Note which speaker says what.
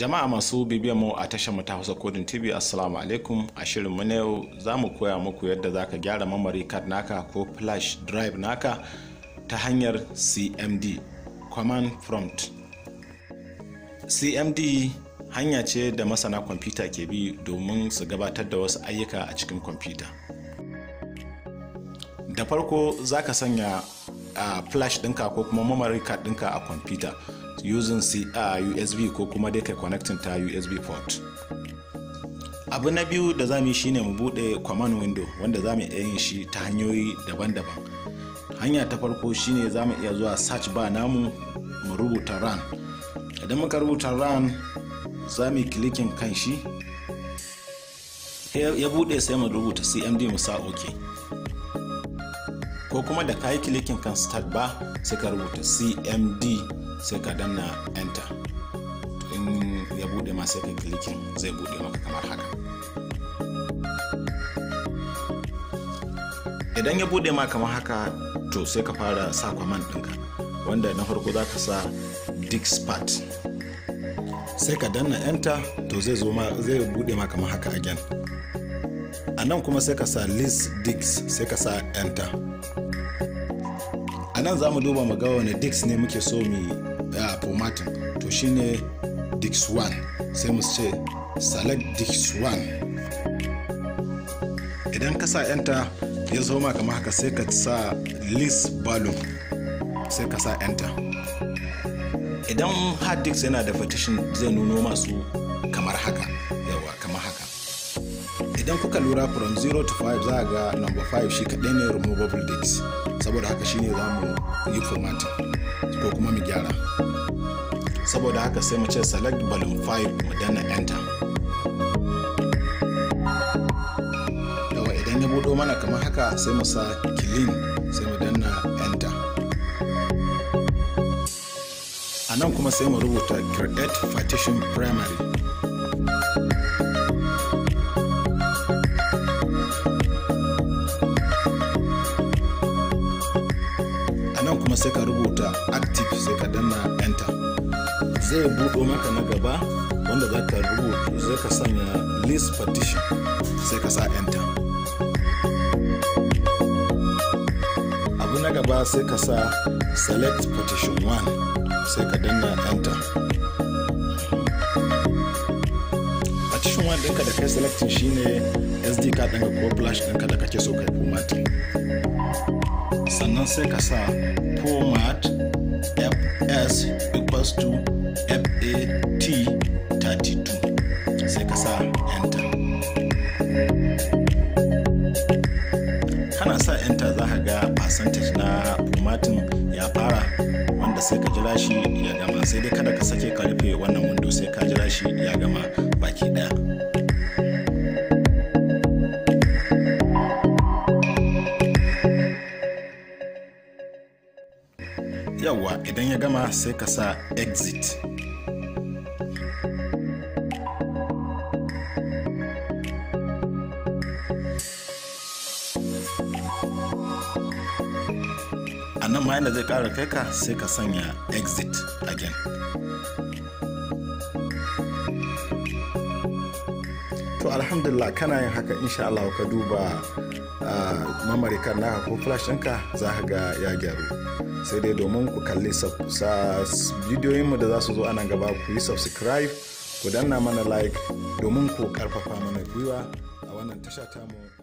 Speaker 1: jama'a masu bibiyar mu a tashar mu ta hausa kodin tv assalamu alaikum a shirin mu na yau za mu koya muku yadda za ka gyara memory card naka ko flash drive naka ta hanyar cmd command prompt cmd hanya ce da masana kwamfuta ke bi domin su gabatar da wasu ayyuka a cikin kwamfuta da farko za ka sanya a ah, flash ɗinka ko kuma memory card ɗinka a kwamfuta using CR USB uh, ko kuma dai kai connecting ta USB port abu na biyu da za mu yi shine mu buɗe command window wanda za mu iya yin shi ta hanyoyi daban-daban hanya ta farko shine za mu iya zuwa search bar namu mu rubuta run idan muka rubuta run za mu yi kan shi ya buɗe sai mu rubuta cmd mu sa ok ko kuma da yi klikin kan start bar sai ka rubuta cmd sai ka danna enter in ya bude ma sai ka clicking zai bude maka kamar haka idan ya bude ma kamar haka to sai ka fara sa command ɗinka wanda na farko za ka sa dixpat sai ka danna enter to zai zo ma zai bude ma kamar haka again a nan kuma sai ka sa list dix sai ka sa enter a nan za mu duba mu ga wani dix ne muke so mu formatting to shine dix 1 sai mu ce select dix 1 idan ka sa enter ya zo ma kamar haka sai ka sa list balloon sai ka sa enter idan hard disk yana da partition zai nuno masu kamar haka yawa kamar haka idan kuka lura from 0 to 5 za a ga number 5 shi kaɗai ne removable disk saboda haka shine za mu yi formatting ko kuma mu gyara saboda haka sai mu ce select balloon file mu danna enter yawa idan ya buɗo mana kamar haka sai mu sa clean sai mu danna enter a nan kuma sai mu rubuta create partition primary a nan kuma sai ka rubuta active sai ka danna zai buɗo maka na gaba wanda za ka rubuta zai ka sanya list partition sai ka sa enter abu na gaba sai ka sa select partition 1 sai ka danna enter partition 1 ɗinka da kai selecting shine sd card ɗinka ko flash ɗinka da kake so kai format sannan sai ka sa format fs equals to t 32 sai ka sa enter kana sa enter za ka ga percentage na formatting ya fara wanda sai ka jira shi ya gama sai dai kada ka sake ka rufe wannan wando sai ka jira shi ya gama baki daya yawwa idan ya gama sai ka sa exit nan ma yadda zai kara kai ka sai ka sanya exit again to alhamdulillah kana yin haka insha Allah ka duba ah, mamarikan naka ko flash ɗinka za ka ga ya gyaru sai dai domin ku kalli bidiyoyinmu da za su zo anan gaba ku yi subscribe ku danna mana like domin ku karfafa mana gwiwa a wannan tasha tamu